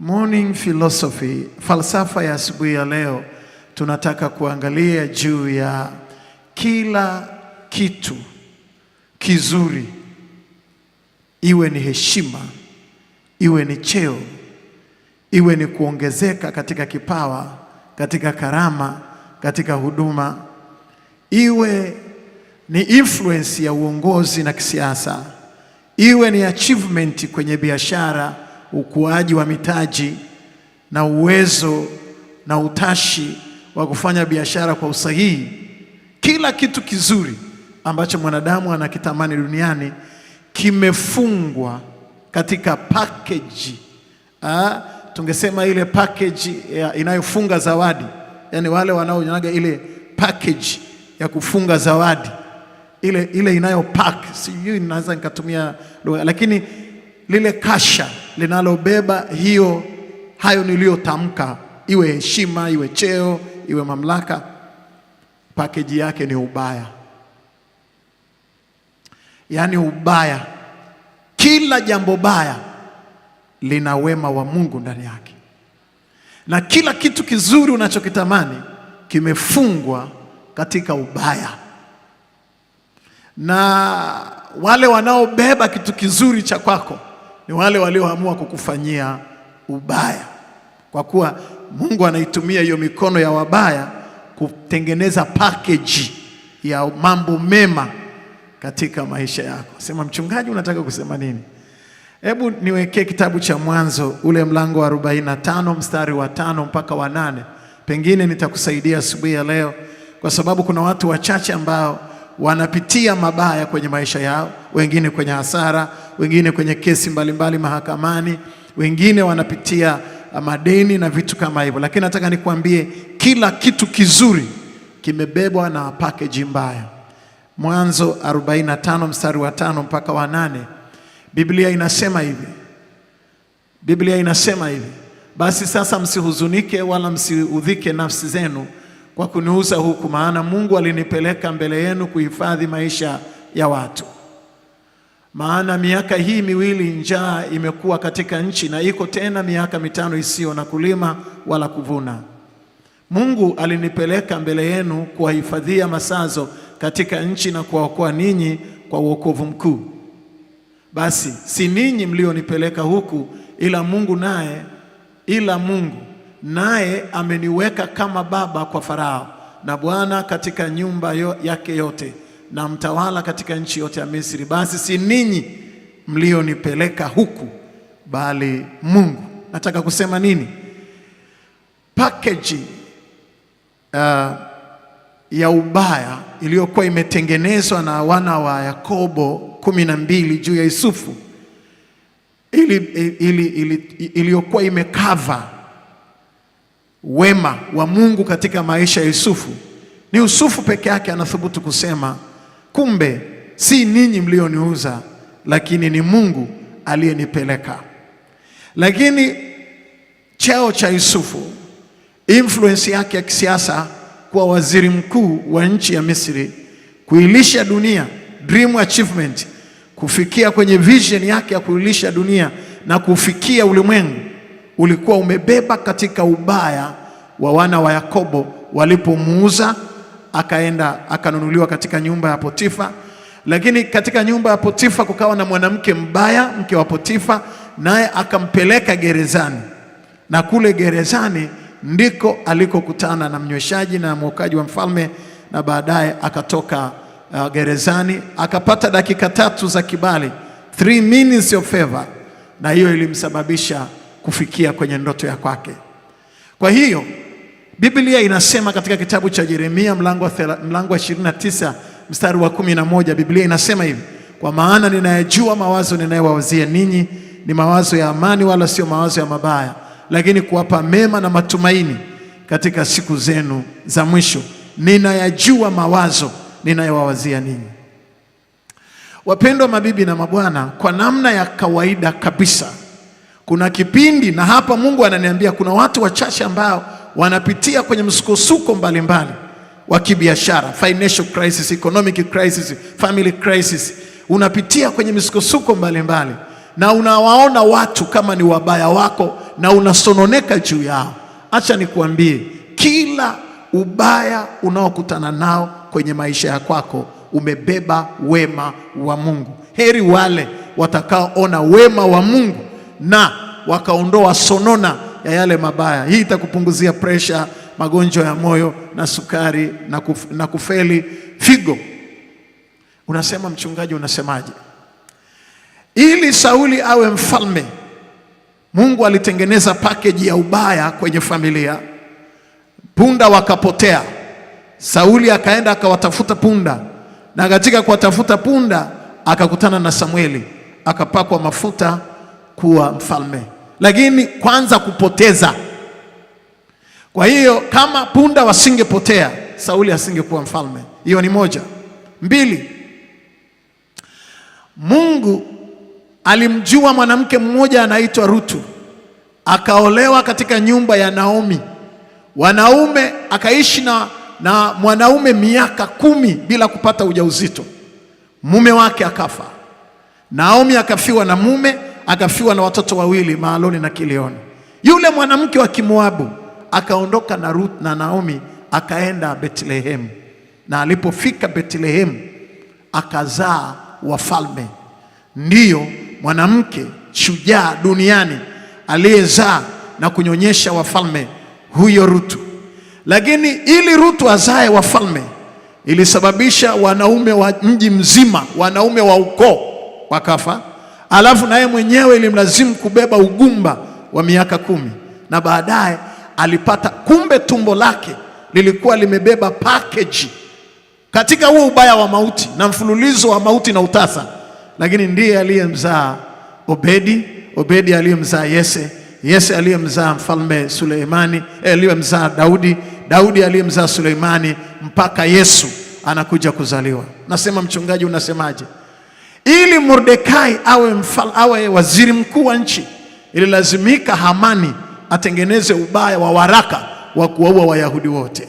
Morning philosophy, falsafa ya asubuhi ya leo, tunataka kuangalia juu ya kila kitu kizuri, iwe ni heshima, iwe ni cheo, iwe ni kuongezeka katika kipawa, katika karama, katika huduma, iwe ni influence ya uongozi na kisiasa, iwe ni achievement kwenye biashara ukuaji wa mitaji na uwezo na utashi wa kufanya biashara kwa usahihi. Kila kitu kizuri ambacho mwanadamu anakitamani duniani kimefungwa katika package. Ah, tungesema ile package inayofunga zawadi, yani wale wanaonyaga ile package ya kufunga zawadi ile, ile inayo sijui, naweza nikatumia lugha, lakini lile kasha linalobeba hiyo hayo niliyotamka, iwe heshima, iwe cheo, iwe mamlaka, pakeji yake ni ubaya. Yaani ubaya, kila jambo baya lina wema wa Mungu ndani yake, na kila kitu kizuri unachokitamani kimefungwa katika ubaya. Na wale wanaobeba kitu kizuri cha kwako ni wale walioamua kukufanyia ubaya, kwa kuwa Mungu anaitumia hiyo mikono ya wabaya kutengeneza package ya mambo mema katika maisha yako. Sema mchungaji, unataka kusema nini? Hebu niwekee kitabu cha Mwanzo ule mlango wa 45 mstari wa tano mpaka wa nane. Pengine nitakusaidia asubuhi ya leo, kwa sababu kuna watu wachache ambao wanapitia mabaya kwenye maisha yao, wengine kwenye hasara wengine kwenye kesi mbalimbali mbali mahakamani, wengine wanapitia uh, madeni na vitu kama hivyo, lakini nataka nikuambie kila kitu kizuri kimebebwa na package mbaya. Mwanzo 45 mstari wa tano mpaka wa nane Biblia inasema hivi, Biblia inasema hivi: basi sasa msihuzunike wala msiudhike nafsi zenu kwa kuniuza huku, maana Mungu alinipeleka mbele yenu kuhifadhi maisha ya watu maana miaka hii miwili njaa imekuwa katika nchi na iko tena miaka mitano isiyo na kulima wala kuvuna. Mungu alinipeleka mbele yenu kuwahifadhia masazo katika nchi na kuwaokoa ninyi kwa wokovu mkuu. Basi si ninyi mlionipeleka huku, ila Mungu naye ila Mungu naye ameniweka kama baba kwa Farao na bwana katika nyumba yake yote na mtawala katika nchi yote ya Misri, basi si ninyi mlionipeleka huku, bali Mungu. Nataka kusema nini? Package uh, ya ubaya iliyokuwa imetengenezwa na wana wa Yakobo kumi na mbili juu ya Yusufu iliyokuwa ili, ili, ili imekava wema wa Mungu katika maisha ya Yusufu. Ni Yusufu peke yake anathubutu kusema Kumbe si ninyi mlioniuza, lakini ni Mungu aliyenipeleka. Lakini cheo cha Yusufu, influence yake ya kisiasa, kuwa waziri mkuu wa nchi ya Misri, kuilisha dunia, dream achievement, kufikia kwenye vision yake ya kuilisha dunia na kufikia ulimwengu, ulikuwa umebeba katika ubaya wa wana wa Yakobo walipomuuza akaenda akanunuliwa katika nyumba ya Potifa, lakini katika nyumba ya Potifa kukawa na mwanamke mbaya, mke wa Potifa, naye akampeleka gerezani, na kule gerezani ndiko alikokutana na mnyweshaji na mwokaji wa mfalme, na baadaye akatoka uh, gerezani akapata dakika tatu za kibali, three minutes of favor, na hiyo ilimsababisha kufikia kwenye ndoto ya kwake. Kwa hiyo Biblia inasema katika kitabu cha Yeremia mlango wa 29 mstari wa 11, Biblia inasema hivi, kwa maana ninayajua mawazo ninayowawazia ninyi ni mawazo ya amani, wala sio mawazo ya mabaya, lakini kuwapa mema na matumaini katika siku zenu za mwisho. Ninayajua mawazo ninayowawazia ninyi. Wapendwa mabibi na mabwana, kwa namna ya kawaida kabisa, kuna kipindi na hapa Mungu ananiambia kuna watu wachache ambao wanapitia kwenye msukosuko mbalimbali wa kibiashara, financial crisis, economic crisis, family crisis. Unapitia kwenye misukosuko mbalimbali na unawaona watu kama ni wabaya wako na unasononeka juu yao. Acha nikuambie, kila ubaya unaokutana nao kwenye maisha ya kwako umebeba wema wa Mungu. Heri wale watakaoona wema wa Mungu na wakaondoa sonona ya yale mabaya. Hii itakupunguzia presha, magonjwa ya moyo na sukari na, kuf, na kufeli figo. Unasema mchungaji, unasemaje? Ili Sauli awe mfalme, Mungu alitengeneza pakeji ya ubaya kwenye familia. Punda wakapotea, Sauli akaenda akawatafuta punda, na katika kuwatafuta punda akakutana na Samueli, akapakwa mafuta kuwa mfalme lakini kwanza kupoteza. Kwa hiyo kama punda wasingepotea, Sauli asingekuwa mfalme. Hiyo ni moja. Mbili, Mungu alimjua mwanamke mmoja anaitwa Rutu, akaolewa katika nyumba ya Naomi wanaume, akaishi na, na mwanaume miaka kumi bila kupata ujauzito. Mume wake akafa, Naomi akafiwa na mume akafiwa na watoto wawili Maaloni na Kilioni. Yule mwanamke wa Kimoabu akaondoka na Ruth na Naomi akaenda betlehemu na alipofika betlehemu akazaa wafalme. Ndiyo mwanamke shujaa duniani aliyezaa na kunyonyesha wafalme huyo Rutu. Lakini ili Rutu azae wafalme ilisababisha wanaume wa mji mzima, wanaume wa ukoo wakafa alafu naye mwenyewe ilimlazimu kubeba ugumba wa miaka kumi, na baadaye alipata, kumbe tumbo lake lilikuwa limebeba package katika huo ubaya wa mauti na mfululizo wa mauti na utasa, lakini ndiye aliyemzaa Obedi, Obedi aliyemzaa Yese, Yese aliyemzaa mfalme Suleimani, eh, aliyemzaa Daudi, Daudi aliyemzaa Suleimani mpaka Yesu anakuja kuzaliwa. Nasema mchungaji, unasemaje? Ili Mordekai awe mfal, awe waziri mkuu wa nchi, ililazimika Hamani atengeneze ubaya wa waraka wa kuwaua Wayahudi wote,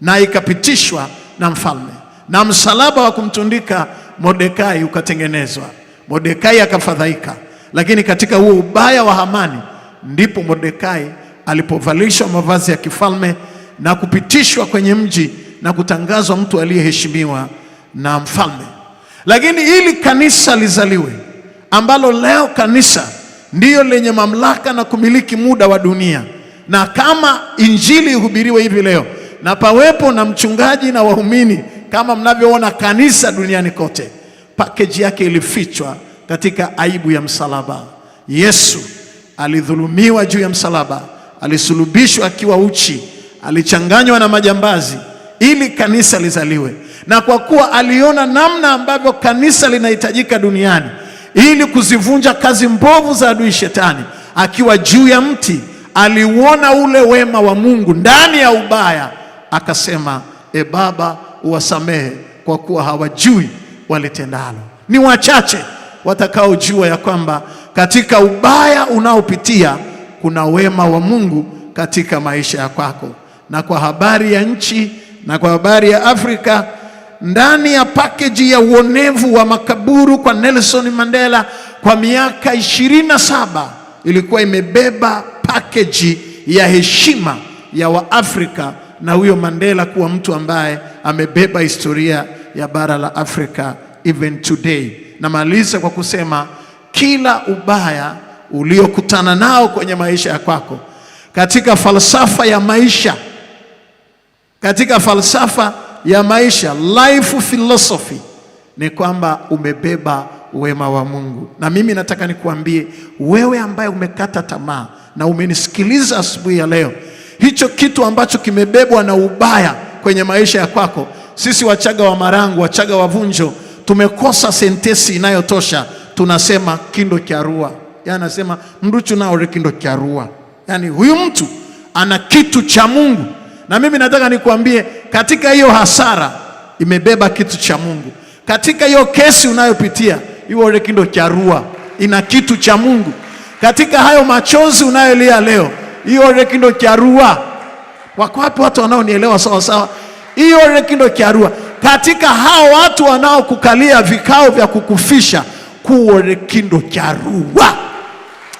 na ikapitishwa na mfalme, na msalaba wa kumtundika Mordekai ukatengenezwa. Mordekai akafadhaika, lakini katika huo ubaya wa Hamani ndipo Mordekai alipovalishwa mavazi ya kifalme na kupitishwa kwenye mji na kutangazwa mtu aliyeheshimiwa na mfalme. Lakini ili kanisa lizaliwe, ambalo leo kanisa ndiyo lenye mamlaka na kumiliki muda wa dunia, na kama injili ihubiriwe hivi leo na pawepo na mchungaji na waumini kama mnavyoona kanisa duniani kote, pakeji yake ilifichwa katika aibu ya msalaba. Yesu alidhulumiwa juu ya msalaba, alisulubishwa akiwa uchi, alichanganywa na majambazi ili kanisa lizaliwe, na kwa kuwa aliona namna ambavyo kanisa linahitajika duniani ili kuzivunja kazi mbovu za adui Shetani. Akiwa juu ya mti aliuona ule wema wa Mungu ndani ya ubaya, akasema, e Baba, uwasamehe kwa kuwa hawajui walitendalo. Ni wachache watakaojua ya kwamba katika ubaya unaopitia kuna wema wa Mungu katika maisha ya kwako. Na kwa habari ya nchi na kwa habari ya Afrika, ndani ya pakeji ya uonevu wa makaburu kwa Nelson Mandela kwa miaka 27 saba ilikuwa imebeba pakeji ya heshima ya Waafrika na huyo Mandela kuwa mtu ambaye amebeba historia ya bara la Afrika even today. Namaliza kwa kusema kila ubaya uliokutana nao kwenye maisha ya kwako katika falsafa ya maisha katika falsafa ya maisha, life philosophy, ni kwamba umebeba wema wa Mungu. Na mimi nataka nikuambie wewe ambaye umekata tamaa na umenisikiliza asubuhi ya leo, hicho kitu ambacho kimebebwa na ubaya kwenye maisha ya kwako, sisi Wachaga wa Marangu, Wachaga wa Vunjo tumekosa sentesi inayotosha. Tunasema kindo rua yaani anasema mruchu chunaore kindo rua yaani huyu mtu ana kitu cha Mungu na mimi nataka nikuambie, katika hiyo hasara imebeba kitu cha Mungu. Katika hiyo kesi unayopitia hiyo cha rua ina kitu cha Mungu. Katika hayo machozi unayolia leo hiyo cha rua, wako wapi watu wanaonielewa sawa sawa? Hiyo cha rua katika hao watu wanaokukalia vikao vya kukufisha kuo cha rua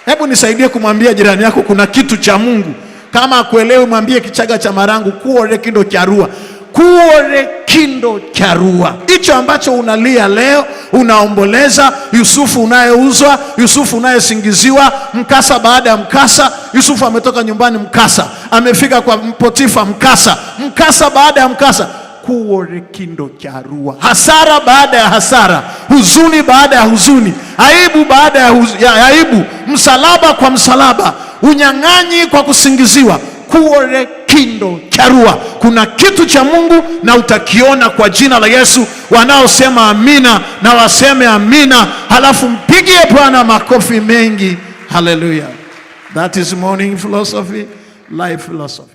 Hebu nisaidie kumwambia jirani yako kuna kitu cha Mungu kama akuelewi mwambie Kichaga cha Marangu, kuore kindo charua, kuore kindo charua. Hicho ambacho unalia leo, unaomboleza Yusufu unayeuzwa, Yusufu unayesingiziwa, mkasa baada ya mkasa. Yusufu ametoka nyumbani, mkasa. Amefika kwa Potifa, mkasa. Mkasa baada ya mkasa kuore kindo charua, hasara baada ya hasara, huzuni baada ya huzuni, aibu baada ya, huz ya aibu, msalaba kwa msalaba unyang'anyi kwa kusingiziwa, kuore kindo charua. Kuna kitu cha Mungu na utakiona kwa jina la Yesu. Wanaosema amina na waseme amina, halafu mpigie Bwana makofi mengi. Haleluya! That is morning philosophy, life philosophy.